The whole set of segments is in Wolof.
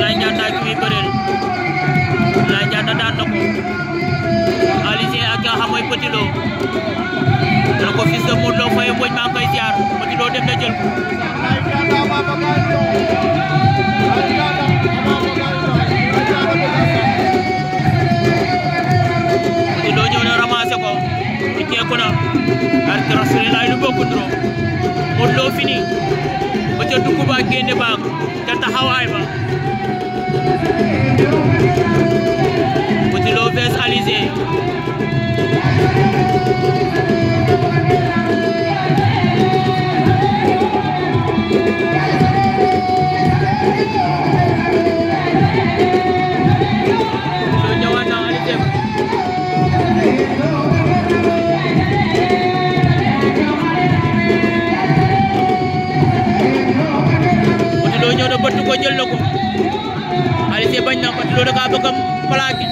Laye Ndianda ki muy bëreel Laye Ndianda daan na ko Aly ak nga xam mooy Petit ko fils de Modou Lo Foye maa ngi koy ziar dem na jël ko Petit Lo ñëw na ramassé ko di jeeku na lay lu bokku dro Modou fini ca dugg ba génne ba ca taxawaay ba Petit Lo vs Alizé bëggam plaqué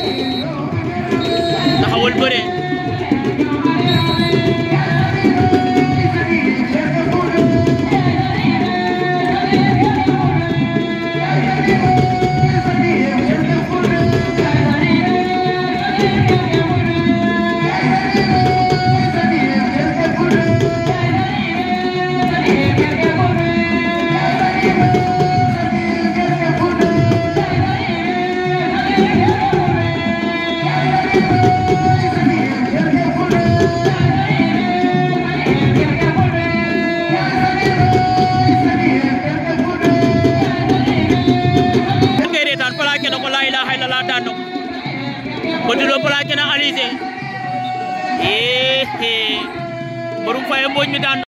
Kara daan na ko Petit Lo plaqué na Alizé eh eh borom Faye mi daan